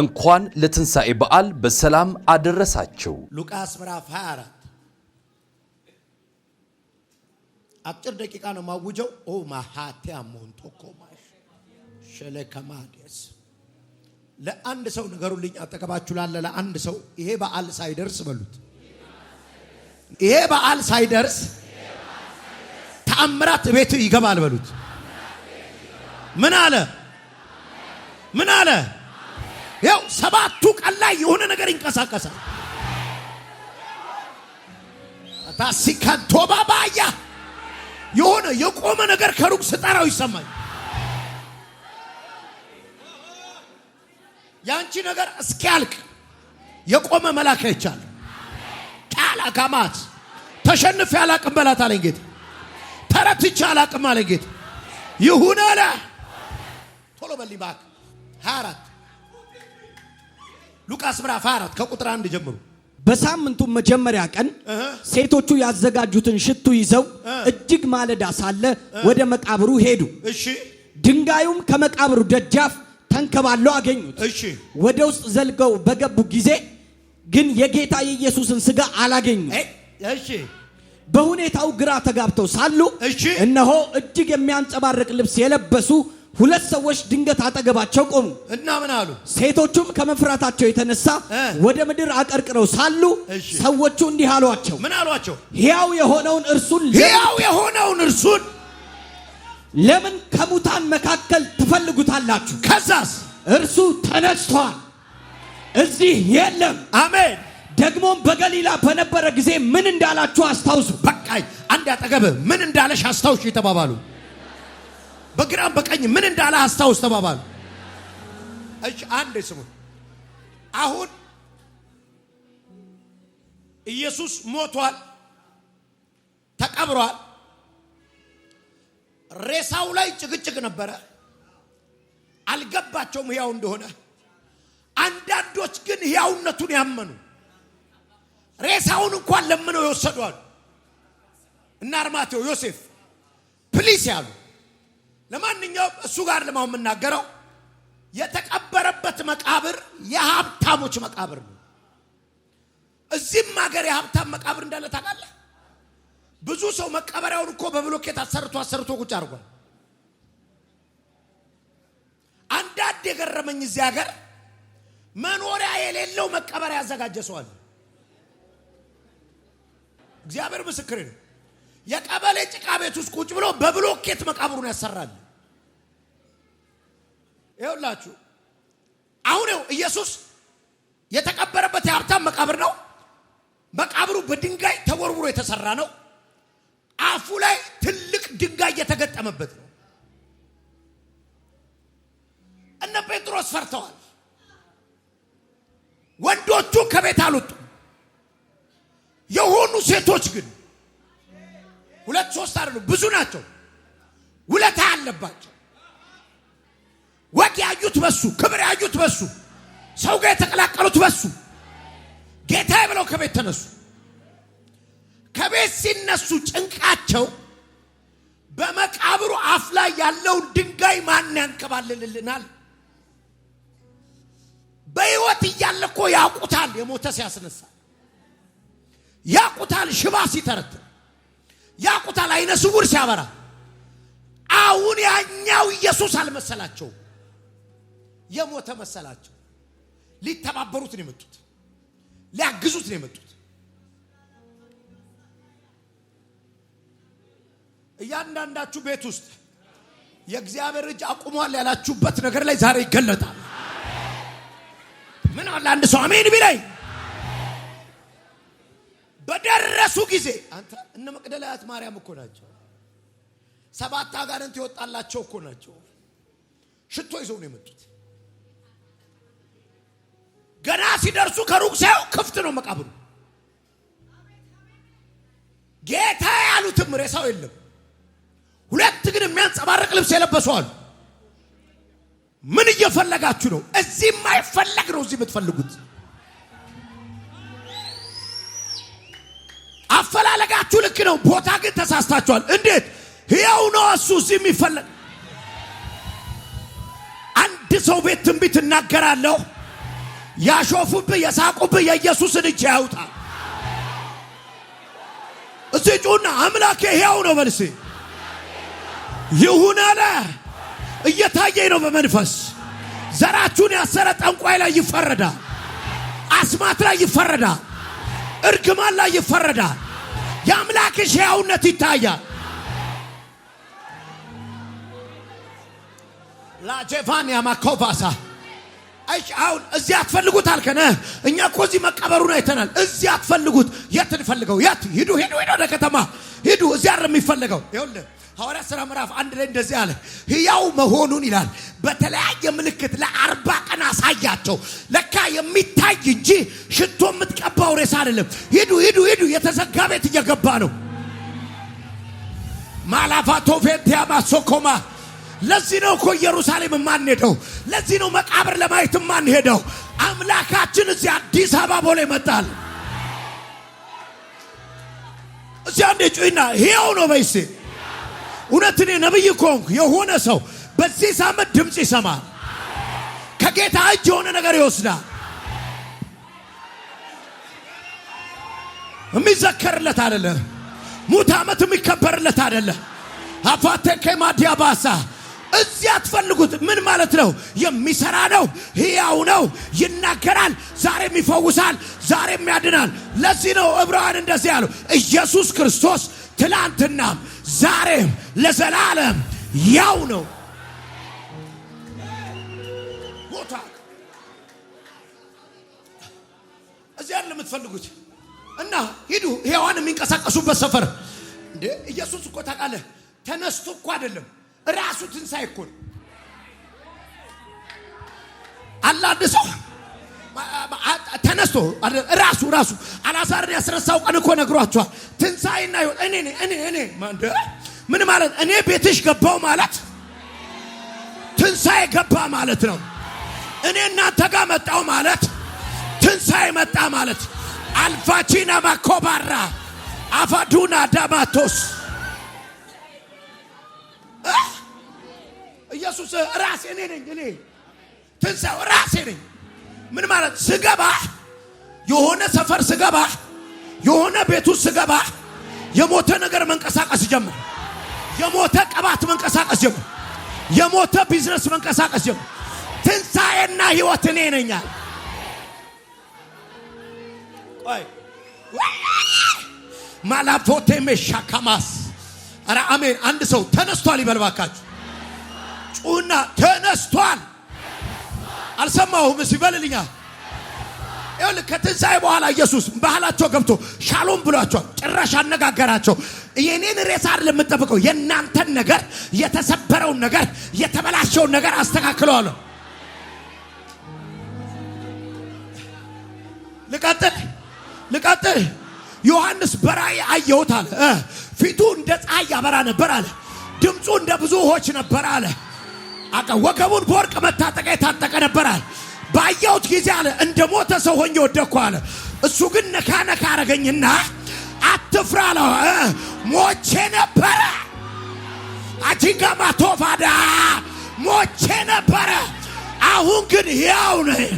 እንኳን ለትንሣኤ በዓል በሰላም አደረሳቸው። ሉቃስ ምዕራፍ 24 አጭር ደቂቃ ነው ማውጀው። ኦ ማሃቴ አሞንቶኮማሽ ሸለከማዴስ ለአንድ ሰው ንገሩልኝ። አጠገባችሁ ላለ ለአንድ ሰው ይሄ በዓል ሳይደርስ በሉት፣ ይሄ በዓል ሳይደርስ ተአምራት ቤት ይገባል በሉት። ምን አለ? ምን አለ? ይኸው ሰባቱ ቀን ላይ የሆነ ነገር ይንቀሳቀሳል። ታሲካንቶባ ባያ የሆነ የቆመ ነገር ከሩቅ ስጠራው ይሰማኝ። ያንቺ ነገር እስኪያልቅ የቆመ መላክ አይቻል ቃላ አካማት ተሸንፌ አላቅም በላት አለኝ ጌታ። ተረትቼ አላቅም አለኝ ጌታ። ይሁን አለ ቶሎ በሊባክ ባክ 24 ሉቃስ ምዕራፍ 4 ከቁጥር 1 ጀምሩ። በሳምንቱ መጀመሪያ ቀን ሴቶቹ ያዘጋጁትን ሽቱ ይዘው እጅግ ማለዳ ሳለ ወደ መቃብሩ ሄዱ። እሺ። ድንጋዩም ከመቃብሩ ደጃፍ ተንከባለው አገኙት። እሺ። ወደ ውስጥ ዘልገው በገቡ ጊዜ ግን የጌታ የኢየሱስን ስጋ አላገኙም። እሺ። በሁኔታው ግራ ተጋብተው ሳሉ እሺ፣ እነሆ እጅግ የሚያንጸባርቅ ልብስ የለበሱ ሁለት ሰዎች ድንገት አጠገባቸው ቆሙ እና ምን አሉ? ሴቶቹም ከመፍራታቸው የተነሳ ወደ ምድር አቀርቅረው ሳሉ ሰዎቹ እንዲህ አሏቸው። ምን አሏቸው? ሕያው የሆነውን እርሱን ሕያው የሆነውን እርሱን ለምን ከሙታን መካከል ትፈልጉታላችሁ? ከዛስ እርሱ ተነስቷል፣ እዚህ የለም። አሜን። ደግሞም በገሊላ በነበረ ጊዜ ምን እንዳላችሁ አስታውሱ። በቃ አንድ አጠገብ ምን እንዳለሽ አስታውሽ የተባባሉ በግራም በቀኝ ምን እንዳለ አስታውስ ተባባሉ። እሺ አንድ ስሙ። አሁን ኢየሱስ ሞቷል፣ ተቀብሯል። ሬሳው ላይ ጭቅጭቅ ነበረ። አልገባቸውም ሕያው እንደሆነ። አንዳንዶች ግን ሕያውነቱን ያመኑ ሬሳውን እንኳን ለምነው አሉ። እና አርማቴው ዮሴፍ ፕሊስ ያሉ ለማንኛውም እሱ ጋር ለማው የምናገረው የተቀበረበት መቃብር የሀብታሞች መቃብር ነው። እዚህም ሀገር የሀብታም መቃብር እንዳለ ታውቃለህ። ብዙ ሰው መቀበሪያውን እኮ በብሎኬት አሰርቶ አሰርቶ ቁጭ አድርጓል። አንዳንድ የገረመኝ እዚህ ሀገር መኖሪያ የሌለው መቀበሪያ ያዘጋጀ ሰዋል። እግዚአብሔር ምስክሬ ነው። የቀበሌ ጭቃ ቤት ውስጥ ቁጭ ብሎ በብሎኬት መቃብሩን ያሰራል። ይኸውላችሁ አሁን ው ኢየሱስ የተቀበረበት የሀብታም መቃብር ነው። መቃብሩ በድንጋይ ተወርውሮ የተሰራ ነው። አፉ ላይ ትልቅ ድንጋይ እየተገጠመበት ነው። እነ ጴጥሮስ ፈርተዋል። ወንዶቹ ከቤት አልወጡም። የሆኑ ሴቶች ግን ሁለት ሶስት አይደሉ፣ ብዙ ናቸው። ውለታ ያለባቸው ወግ ያዩት በሱ ክብር ያዩት በሱ ሰው ጋር የተቀላቀሉት በሱ ጌታ ብለው ከቤት ተነሱ። ከቤት ሲነሱ ጭንቃቸው በመቃብሩ አፍ ላይ ያለውን ድንጋይ ማን ያንከባልልልናል? በሕይወት እያለ እኮ ያውቁታል። የሞተ ሲያስነሳ ያውቁታል። ሽባ ሲተረትር አይነ ስውር ሲያበራ አሁን ያኛው ኢየሱስ አልመሰላቸው፣ የሞተ መሰላቸው። ሊተባበሩት ነው የመጡት፣ ሊያግዙት ነው የመጡት። እያንዳንዳችሁ ቤት ውስጥ የእግዚአብሔር እጅ አቁሟል ያላችሁበት ነገር ላይ ዛሬ ይገለጣል። ምን አለ አንድ ሰው አሜን ቢላይ በደረሱ ጊዜ አንተ እነ መቅደላዊት ማርያም እኮ ናቸው። ሰባት አጋንንት የወጣላቸው እኮ ናቸው። ሽቶ ይዘው ነው የመጡት። ገና ሲደርሱ ከሩቅ ሳይው ክፍት ነው መቃብሩ። ጌታ ያሉትም ሬሳው የለም። ሁለት ግን የሚያንጸባርቅ ልብስ የለበሱ አሉ። ምን እየፈለጋችሁ ነው? እዚህ የማይፈለግ ነው እዚህ የምትፈልጉት አፈላለጋችሁ ልክ ነው፣ ቦታ ግን ተሳስታችኋል። እንዴት ሕያው ነው እሱ እዚህ የሚፈለግ አንድ ሰው ቤት ትንቢት እናገራለሁ። ያሾፉብህ የሳቁብህ የኢየሱስን እጅ ያውጣል። እዚህ ጩና አምላኬ ሕያው ነው በልሴ ይሁን አለ። እየታየኝ ነው በመንፈስ ዘራችሁን ያሰረ ጠንቋይ ላይ ይፈረዳል። አስማት ላይ ይፈረዳል። እርግማን ላይ ይፈረዳል። የአምላክሽ ሕያውነት ይታያል። ላጄቫን ያማኮቫሳ አሁን እዚህ አትፈልጉት አልከነ። እኛ እኮ እዚህ መቀበሩን አይተናል። እዚህ አትፈልጉት። የት እንፈልገው? የት ሂዱ ሄዱ ሄዱ ወደ ከተማ ሂዱ፣ እዚያ ር የሚፈለገው። ይኸውልህ ሐዋርያ ሥራ ምዕራፍ አንድ ላይ እንደዚህ አለ። ሕያው መሆኑን ይላል በተለያየ ምልክት ለአርባ ቀን አሳያቸው። ለካ የሚታይ እንጂ ሽቶ የምትቀባው ሬሳ አይደለም። ሂዱ፣ ሂዱ፣ ሂዱ። የተዘጋ ቤት እየገባ ነው። ማላፋቶ ፌንቲያ ማሶኮማ ለዚህ ነው እኮ ኢየሩሳሌም የማንሄደው። ለዚህ ነው መቃብር ለማየት የማንሄደው። አምላካችን እዚህ አዲስ አበባ ላይ መጣል እዚህ አንዴ ጩይና ሕያው ነው በይሴ እውነት እኔ ነብይ ከሆንኩ የሆነ ሰው በዚህ ሳምንት ድምፅ ይሰማል። ከጌታ እጅ የሆነ ነገር ይወስዳል። የሚዘከርለት አይደለ። ሙት ዓመት የሚከበርለት አይደለ። አፋቴ ከማዲያ ባሳ እዚህ አትፈልጉት። ምን ማለት ነው? የሚሰራ ነው፣ ሕያው ነው፣ ይናገራል፣ ዛሬም ይፈውሳል፣ ዛሬም ያድናል። ለዚህ ነው ዕብራውያን እንደዚህ ያለው ኢየሱስ ክርስቶስ ትላንትናም ዛሬም ለዘላለም ያው ነው። ቦታ እዚያ የምትፈልጉት እና ሂዱ። ሕያዋን የሚንቀሳቀሱበት ሰፈር እንዴ! ኢየሱስ እኮ ታውቃለህ፣ ተነስቶ እኮ አይደለም ራሱ ትንሣኤ እኮ ነው። አላንድ ሰው ተነስቶ ራሱ ራሱ አላዛርን ያስረሳው ቀን እኮ ነግሯቸዋል። ትንሣኤና ሕይወት እኔ እኔ እኔ ምን ማለት እኔ ቤትሽ ገባው ማለት ትንሣኤ ገባ ማለት ነው። እኔ እናንተ ጋር መጣው ማለት ትንሣኤ መጣ ማለት አልፋቺና ማኮባራ አፋዱና ዳማቶስ ኢየሱስ ራሴ እኔ ነኝ። እኔ ትንሣኤው ራሴ ነኝ። ምን ማለት ስገባ፣ የሆነ ሰፈር ስገባ፣ የሆነ ቤቱ ስገባ፣ የሞተ ነገር መንቀሳቀስ ጀምር። የሞተ ቅባት መንቀሳቀስ ጀምር። የሞተ ቢዝነስ መንቀሳቀስ ጀምር። ትንሣኤና ሕይወት እኔ ነኝ። ቆይ ማላፎቴ ሜሻካማስ ኧረ አሜን። አንድ ሰው ተነስቷል ይበልባካችሁ ጩና ተነስቷል። አልሰማሁም ሲበልልኛ ይሁን ከትንሣኤ በኋላ ኢየሱስ ባህላቸው ገብቶ ሻሎም ብሏቸዋል። ጭራሽ አነጋገራቸው። የኔን ሬሳ አይደለም የምጠብቀው፣ የእናንተን ነገር፣ የተሰበረውን ነገር፣ የተበላሸውን ነገር አስተካክለዋለ ልቀጥል ልቀጥል። ዮሐንስ በራእይ አየሁት አለ። ፊቱ እንደ ፀሐይ ያበራ ነበር አለ። ድምፁ እንደ ብዙ ውኆች ነበር አለ። ወገቡን በወርቅ መታጠቂያ የታጠቀ ነበራል። ባየሁት ጊዜ አለ እንደ ሞተ ሰው ሆኜ ወደቅኩ አለ። እሱ ግን ነካ ነካ አረገኝና አትፍራ አለ። ሞቼ ነበረ አጂንጋማ ቶፋዳ ሞቼ ነበረ። አሁን ግን ሕያው ነኝ።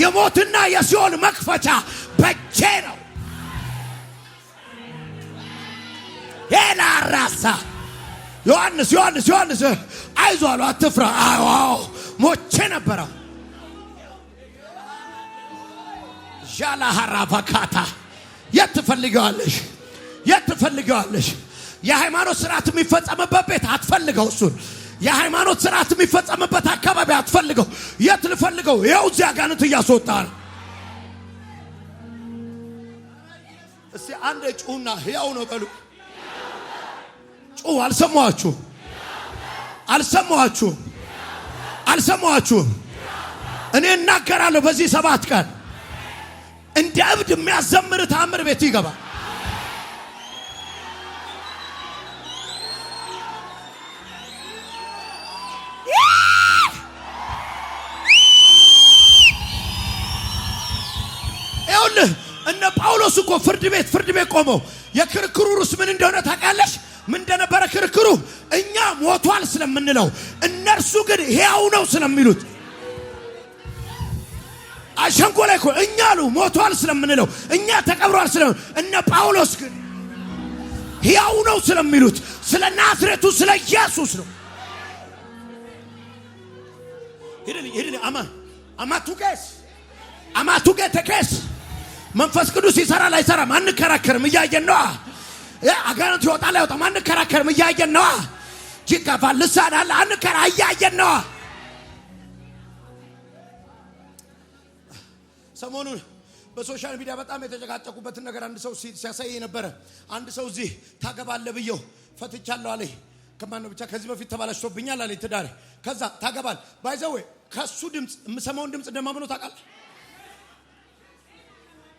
የሞትና የሲኦል መክፈቻ በእጄ ነው። ሄላ ራሳ ዮሐንስ ዮሐንስ ዮሐንስ አይዞ አሉ፣ አትፍራ። አዎ ሞቼ ነበረ። ዣላ ሀራፋካታ የት ትፈልገዋለሽ? የት ትፈልገዋለሽ? የሃይማኖት ስርዓት የሚፈጸምበት ቤት አትፈልገው። እሱን የሃይማኖት ስርዓት የሚፈጸምበት አካባቢ አትፈልገው። የት ልፈልገው? ይኸው እዚህ አጋንንት እያስወጣ ነው። እስቲ አንድ ጩና ያው ነው በሉ ጩ አልሰማችሁ አልሰማችሁ አልሰማችሁ እኔ እናገራለሁ። በዚህ ሰባት ቀን እንደ እብድ የሚያዘምር ታምር ቤት ይገባል። እነ ጳውሎስ እኮ ፍርድ ቤት ፍርድ ቤት ቆመው የክርክሩ ርዕስ ምን እንደሆነ ታውቃለች? ምን እንደነበረ ክርክሩ እኛ ሞቷል ስለምንለው፣ እነርሱ ግን ሕያው ነው ስለሚሉት አሸንጎላ እኮ እኛ አሉ ሞቷል ስለምንለው፣ እኛ ተቀብሯል ስለ እነ ጳውሎስ ግን ሕያው ነው ስለሚሉት ስለ ናዝሬቱ ስለ ኢየሱስ ነው። አማቱጌ ተኬስ መንፈስ ቅዱስ ይሰራል አይሰራም አንከራከርም። እያየን ነዋ አጋንንት ይወጣል አይወጣም አንከራከርም። እያየን ነዋ። ጅካፋ ልሳን አለ አንከራ እያየን ነዋ። ሰሞኑን በሶሻል ሚዲያ በጣም የተጨቃጨቁበትን ነገር አንድ ሰው ሲያሳይ ነበረ። አንድ ሰው እዚህ ታገባለ ብየው ፈትቻለሁ አለ። ከማን ነው ብቻ ከዚህ በፊት ተበላሽቶብኛል አለ ትዳሬ። ከዛ ታገባል ባይዘዌ ከሱ ድምፅ የምሰማውን ድምፅ እንደማምኖ ታውቃለህ።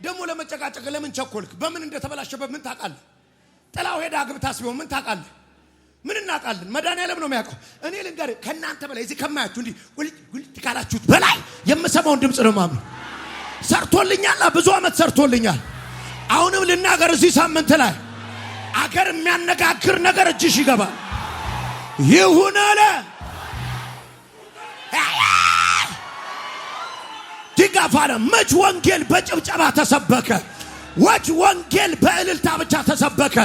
ደግሞ ለመጨቃጨቅ ለምን ቸኮልክ? በምን እንደተበላሸበት ምን ታውቃለህ? ጥላው ሄዳ አግብታስ ቢሆን ምን ታውቃለህ? ምን እናውቃለን? መድኃኒዓለም ነው የሚያውቀው። እኔ ልንገር ከእናንተ በላይ እዚህ ከማያችሁ እንዲህ ጉልት ካላችሁት በላይ የምሰማውን ድምፅ ነው ማምነው። ሰርቶልኛል፣ ብዙ ዓመት ሰርቶልኛል። አሁንም ልናገር፣ እዚህ ሳምንት ላይ አገር የሚያነጋግር ነገር እጅሽ ይገባል። ይሁን አለ ድጋፍ አለ። መች ወንጌል በጭብጨባ ተሰበከ? ወጅ ወንጌል በእልልታ ብቻ ተሰበከ።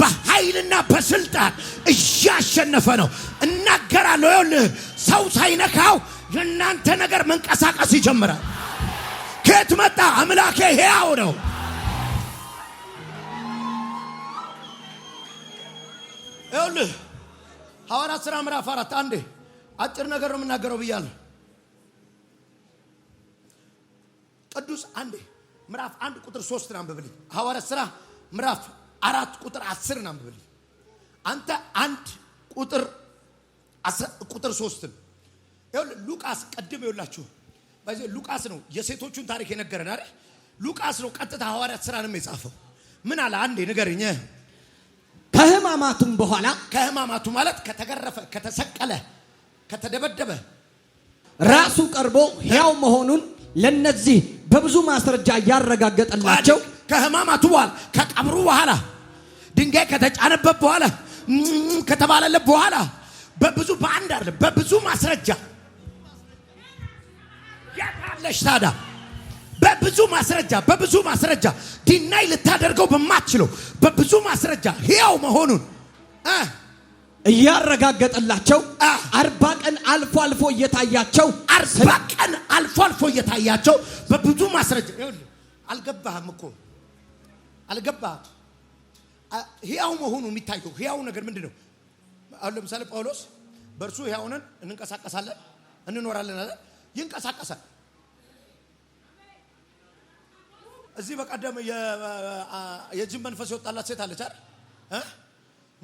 በኃይልና በስልጣን እያሸነፈ ነው። እናገራለሁ። ይኸውልህ ሰው ሳይነካው የእናንተ ነገር መንቀሳቀስ ይጀምራል። ከየት መጣ? አምላኬ ሕያው ነው። ይኸውልህ ሐዋርያት ሥራ ምዕራፍ አራት አንዴ አጭር ነገር ነው የምናገረው ብያለሁ። ቅዱስ አንዴ ምዕራፍ አንድ ቁጥር ሶስትን አንብብልኝ። ሐዋርያ ስራ ምዕራፍ አራት ቁጥር አስርን አንብብልኝ። አንተ አንድ ቁጥር ቁጥር ሶስትን ሉቃስ ቀድም ይውላችሁ በዚህ ሉቃስ ነው የሴቶቹን ታሪክ የነገረን አይደል? ሉቃስ ነው ቀጥታ ሐዋርያት ስራንም የጻፈው። ምን አለ አንዴ ንገርኝ። ከህማማቱም በኋላ ከህማማቱ ማለት ከተገረፈ፣ ከተሰቀለ፣ ከተደበደበ ራሱ ቀርቦ ሕያው መሆኑን ለነዚህ በብዙ ማስረጃ እያረጋገጠላቸው ከህማማቱ በኋላ ከቀብሩ በኋላ ድንጋይ ከተጫነበት በኋላ ከተባለለት በኋላ በብዙ በአንድ አለ በብዙ ማስረጃ ያታለሽ ታዳ በብዙ ማስረጃ በብዙ ማስረጃ ዲናይ ልታደርገው በማትችለው በብዙ ማስረጃ ሕያው መሆኑን እያረጋገጠላቸው አርባ ቀን አልፎ አልፎ እየታያቸው አርባ ቀን አልፎ አልፎ እየታያቸው በብዙ ማስረጃ አልገባህም እኮ አልገባህም። ህያው መሆኑ የሚታየው ህያው ነገር ምንድን ነው? አሁን ለምሳሌ ጳውሎስ በእርሱ ህያውንን እንንቀሳቀሳለን እንኖራለን አለ። ይንቀሳቀሳል። እዚህ በቀደም የጅን መንፈስ የወጣላት ሴት አለች አይደል?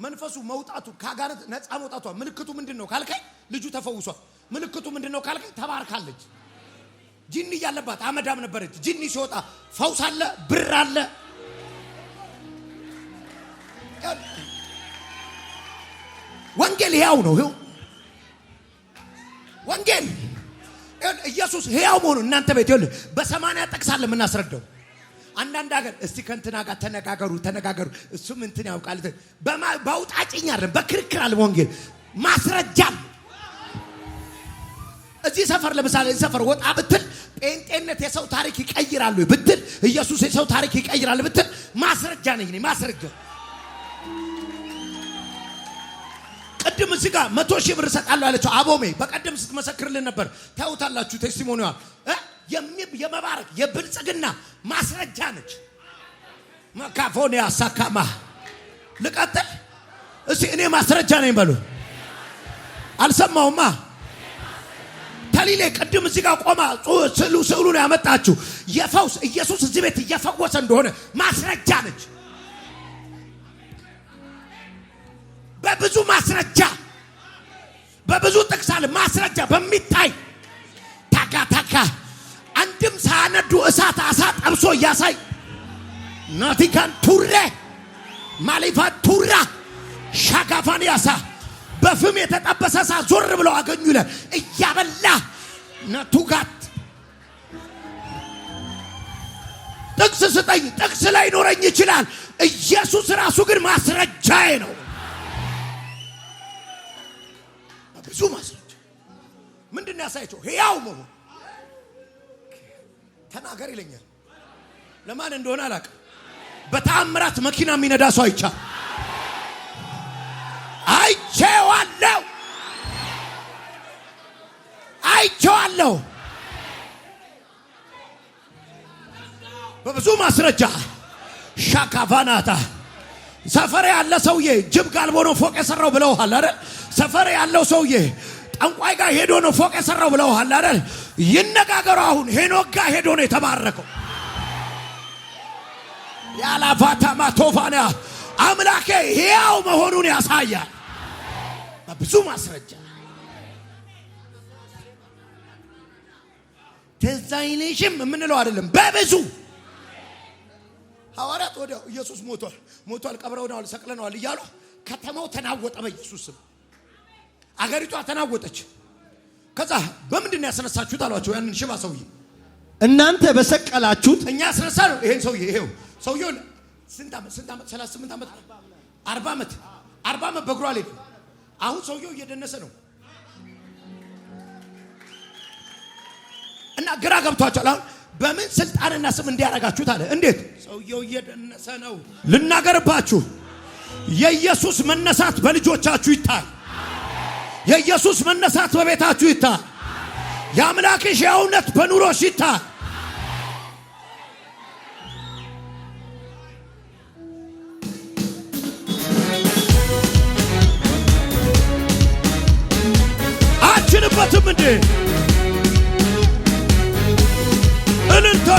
መንፈሱ መውጣቱ ከአጋንንት ነፃ መውጣቷ ምልክቱ ምንድን ነው ካልከኝ፣ ልጁ ተፈውሷል። ምልክቱ ምንድን ነው ካልከኝ፣ ተባርካለች። ጂኒ እያለባት አመዳም ነበረች። ጂኒ ሲወጣ ፈውስ አለ፣ ብር አለ። ወንጌል ሕያው ነው። ይኸው ወንጌል ኢየሱስ ሕያው መሆኑ እናንተ ቤት ይኸውልህ በሰማንያ ጠቅሳለህ የምናስረዳው አንዳንድ ሀገር እስቲ ከእንትና ጋር ተነጋገሩ ተነጋገሩ እሱም እንትን ያውቃል። በውጣጭኝ አይደለም በክርክር አለ ወንጌል ማስረጃም እዚህ ሰፈር ለምሳሌ እዚህ ሰፈር ወጣ ብትል ጴንጤነት የሰው ታሪክ ይቀይራሉ ብትል ኢየሱስ የሰው ታሪክ ይቀይራል ብትል ማስረጃ ነኝ እኔ ማስረጃ። ቅድም እዚህ ጋር መቶ ሺህ ብር እሰጣለሁ ያለችው አቦሜ በቀደም ስትመሰክርልን ነበር። ታዩታላችሁ ቴስቲሞኒዋል የመባረክ የብልጽግና ማስረጃ ነች። መካፎን ያሳካማ ልቀጥል እስቲ እኔ ማስረጃ ነኝ በሉ። አልሰማውማ ተሊሌ ቅድም እዚህ ጋር ቆማ ስዕሉ ነው ያመጣችሁ የፈውስ ኢየሱስ እዚህ ቤት እየፈወሰ እንደሆነ ማስረጃ ነች። በብዙ ማስረጃ በብዙ ጥቅሳል ማስረጃ በሚታይ ያነዱ እሳት አሳ ጠብሶ እያሳይ ናቲካን ቱሬ ማሊፋ ቱራ ሻካፋን ያሳ በፍም የተጠበሰ እሳት ዞር ብለው አገኙ ለ እያበላ ነቱጋት ጥቅስ ስጠኝ። ጥቅስ ላይኖረኝ ይችላል። ኢየሱስ ራሱ ግን ማስረጃዬ ነው። ብዙ ማስረጃ ምንድን ያሳያቸው ሕያው መሆን ተናገር ይለኛል። ለማን እንደሆነ አላውቅም። በተአምራት መኪና የሚነዳ ሰው አይቻ አይቼዋለሁ፣ አይቼዋለሁ በብዙ ማስረጃ ሻካቫናታ ሰፈር ያለ ሰውዬ ጅብ ጋልቦ ነው ፎቅ የሰራው ብለውሃል አይደል? ሰፈር ያለው ሰውዬ ጠንቋይ ጋር ሄዶ ነው ፎቅ የሰራው ብለውሃል አይደል? ይነጋገሩ። አሁን ሄኖክ ጋር ሄዶ ነው የተባረከው። ያላፋታ ማቶፋና አምላኬ ሕያው መሆኑን ያሳያል በብዙ ማስረጃ። ትዝ አይልሽም የምንለው አይደለም፣ በብዙ ሐዋርያት ወዲያው ኢየሱስ ሞቷል፣ ሞቷል፣ ቀብረውናል፣ ሰቅለነዋል እያሉ ከተማው ተናወጠ በኢየሱስ ስም። አገሪቷ ተናወጠች። ከዛ በምንድን ነው ያስነሳችሁት አሏቸው። ያንን ሽባ ሰውዬ እናንተ በሰቀላችሁት እኛ ያስነሳ ነው። ይሄን ሰውዬ ይሄው ሰውዬው ስንት ዓመት ስንት ዓመት 38 ዓመት 40 ዓመት 40 ዓመት በእግሯ ላይ አሁን ሰውዬው እየደነሰ ነው እና ግራ ገብቷቸዋል። አሁን በምን ስልጣንና ስም እንዲያረጋችሁት አለ። እንዴት ሰውየው እየደነሰ ነው። ልናገርባችሁ የኢየሱስ መነሳት በልጆቻችሁ ይታይ። የኢየሱስ መነሳት በቤታችሁ ይታ። የአምላክሽ የእውነት በኑሮሽ ይታ። አችንበትም እንዴ እልልታ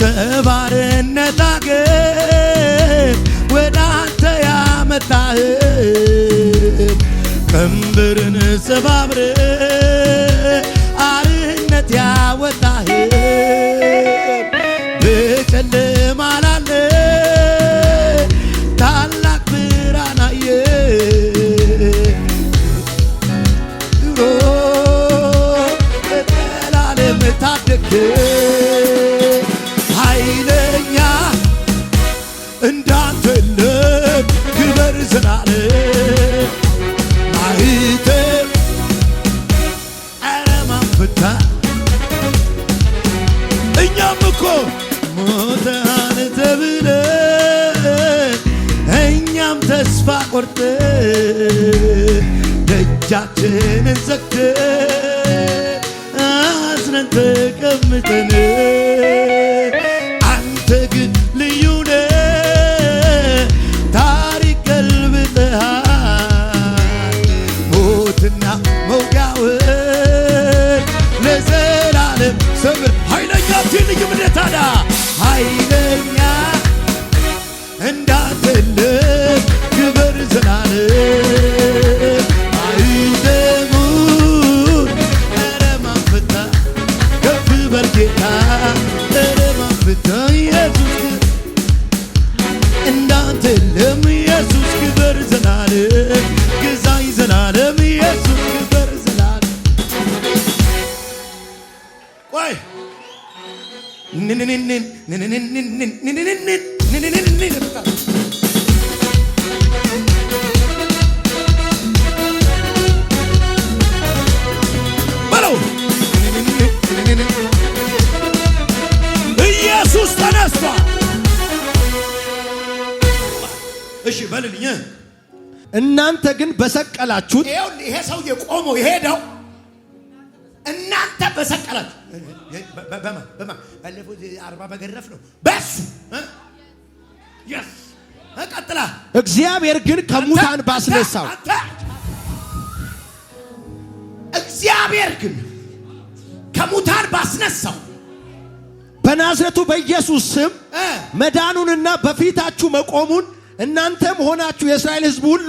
ከባርነት አገር ቀንበርን ሰባብር አርነት ያወጣህ በጨለማ ላለ ታላቅ ብርሃን አየ ድሮ በጠላለም ተስፋ ቆርጥ ደጃችንን ዘግት አዝነን ተቀምጠን አንተ ግን ልዩነ ታሪክ ገልብጠሃል ሞትና መውጋውን ለዘላለም ሰብር ኃይለኛ ትንኝ ምድረ ታዳ ኢየሱስ ተነስቷል። እሺ በልልኝ። እናንተ ግን በሰቀላችሁት። ይሄ ሰውዬ ቆሞ የሄደው እናንተ በሰቀላችሁ በማ በማ ባለፈው አርባ በገረፍ ነው በሱ ቀጥላ እግዚአብሔር ግን ከሙታን ባስነሳው እግዚአብሔር ግን ከሙታን ባስነሳው በናዝረቱ በኢየሱስ ስም መዳኑንና በፊታችሁ መቆሙን እናንተም ሆናችሁ የእስራኤል ሕዝብ ሁሉ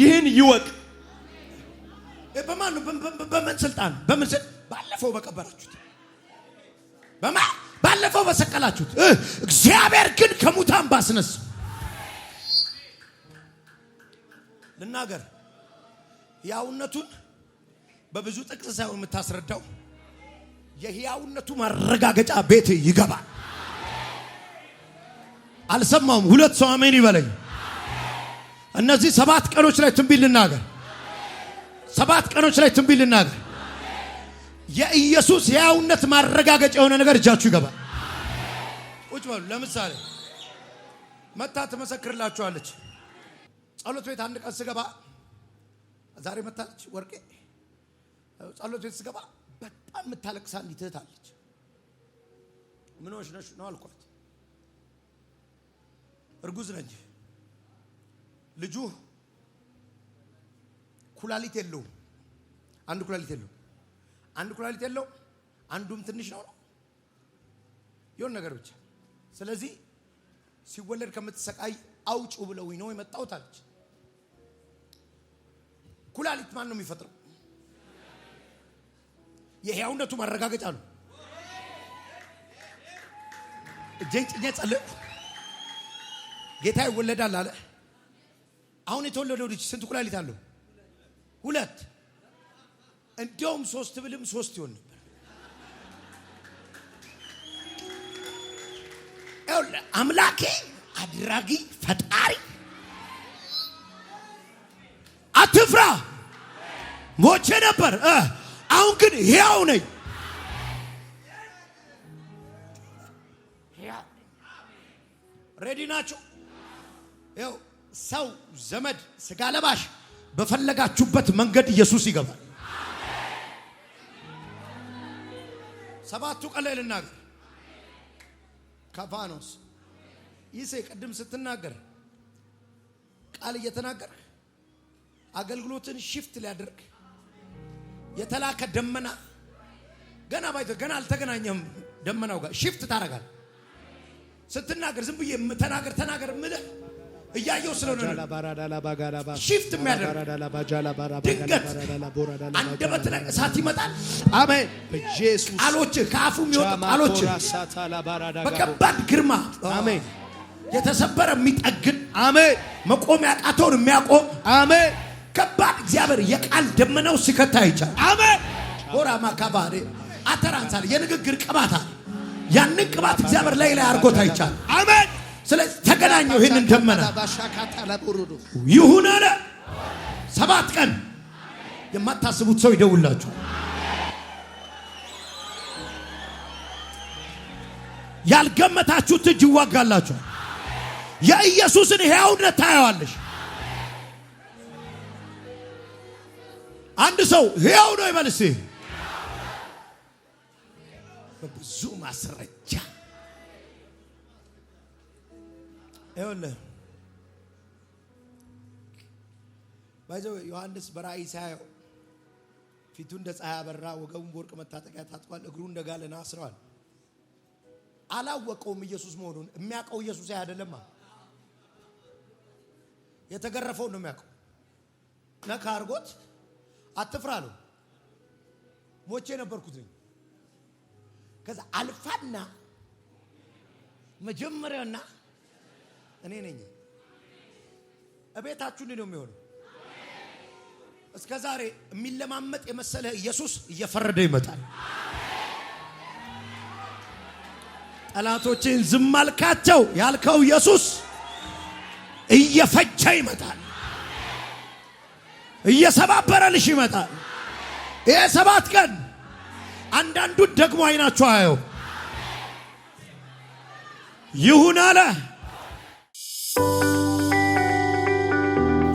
ይህን ይወቅ። በማን በምን ስልጣን? በምን ባለፈው በቀበራችሁት በማ ባለፈው በሰቀላችሁት እግዚአብሔር ግን ከሙታን ባስነሱ ልናገር ያውነቱን በብዙ ጥቅስ ሳይሆን የምታስረዳው የህያውነቱ ማረጋገጫ ቤት ይገባል። አልሰማውም። ሁለት ሰው አሜን ይበለኝ። እነዚህ ሰባት ቀኖች ላይ ትንቢት ልናገር። ሰባት ቀኖች ላይ ትንቢት ልናገር። የኢየሱስ የሕያውነት ማረጋገጫ የሆነ ነገር እጃችሁ ይገባል። ቁጭ በሉ። ለምሳሌ መታ ትመሰክርላችኋለች። ጸሎት ቤት አንድ ቀን ስገባ ዛሬ መታለች ወርቄ ጸሎት ቤት ስገባ በጣም የምታለቅሳ እንዲትህት አለች። ምን ሆንሽ ነሽ ነው አልኳት። እርጉዝ ነኝ፣ ልጁ ኩላሊት የለውም፣ አንድ ኩላሊት የለውም አንድ ኩላሊት የለው፣ አንዱም ትንሽ ነው ነው ነገር ብቻ። ስለዚህ ሲወለድ ከምትሰቃይ አውጩ ብለው ነው የመጣሁት አለች። ኩላሊት ማን ነው የሚፈጥረው? የህያውነቱ ማረጋገጫ ነው። እጄን ጭኜ ጸለይኩ። ጌታ ይወለዳል አለ። አሁን የተወለደው ልጅ ስንት ኩላሊት አለው? ሁለት እንዲያውም ሶስት ብልም ሶስት ይሆን ነበር። አምላኬ አድራጊ ፈጣሪ አትፍራ። ሞቼ ነበር፣ አሁን ግን ሕያው ነኝ። ሬዲ ናቸው። ሰው ዘመድ ስጋ ለባሽ በፈለጋችሁበት መንገድ ኢየሱስ ይገባል። ሰባቱ ቀን ላይ ልናገር ከፋኖስ ይሴ ቅድም ስትናገር ቃል እየተናገር አገልግሎትን ሽፍት ሊያደርግ የተላከ ደመና ገና ባይቶ ገና አልተገናኘም። ደመናው ጋር ሽፍት ታደርጋል ስትናገር ዝም ብዬ ተናገር ተናገር ምልህ እያየው ስለሆነ ሽፍት የሚያደርግ ድንገት አንደበት ላይ እሳት ይመጣል። አሜን። ቃሎች ከአፉ የሚወጡ ቃሎች በከባድ ግርማ አሜን። የተሰበረ የሚጠግን አሜን። መቆም ያቃተውን የሚያቆም አሜን። ከባድ እግዚአብሔር የቃል ሲከታ ይቻል አሜን። አተራንሳል የንግግር ያንን ቅባት እግዚአብሔር ላይ ላይ አሜን። ስለዚህ ተገናኘው። ይህንን ደመና ይሁን አለ። ሰባት ቀን የማታስቡት ሰው ይደውላችሁ። ያልገመታችሁት እጅ ይዋጋላችኋል። የኢየሱስን ሕያውነት ታየዋለሽ። አንድ ሰው ሕያው ነው ይበልስ፣ በብዙ ማስረጃ ይኸውልህ ባይዘው ዮሐንስ በራእይ ሳያየው ፊቱ እንደ ፀሐይ አበራ፣ ወገቡን በወርቅ መታጠቂያ ታጥቋል፣ እግሩ እንደ ጋለና አስረዋል። አላወቀውም ኢየሱስ መሆኑን። የሚያውቀው ኢየሱስ አይደለማ፣ የተገረፈው ነው የሚያውቀው። ነካ አድርጎት አትፍራ አለው። ሞቼ የነበርኩት ነኝ። ከዛ አልፋና መጀመሪያና እኔ ነኝ። እቤታችሁ እንዲህ ነው የሚሆነው። እስከ ዛሬ የሚለማመጥ የመሰለ ኢየሱስ እየፈረደ ይመጣል። ጠላቶችን ዝም አልካቸው ያልከው ኢየሱስ እየፈጀ ይመጣል። እየሰባበረልሽ ይመጣል። ይሄ ሰባት ቀን አንዳንዱን ደግሞ አይናችሁ አየው ይሁን አለ።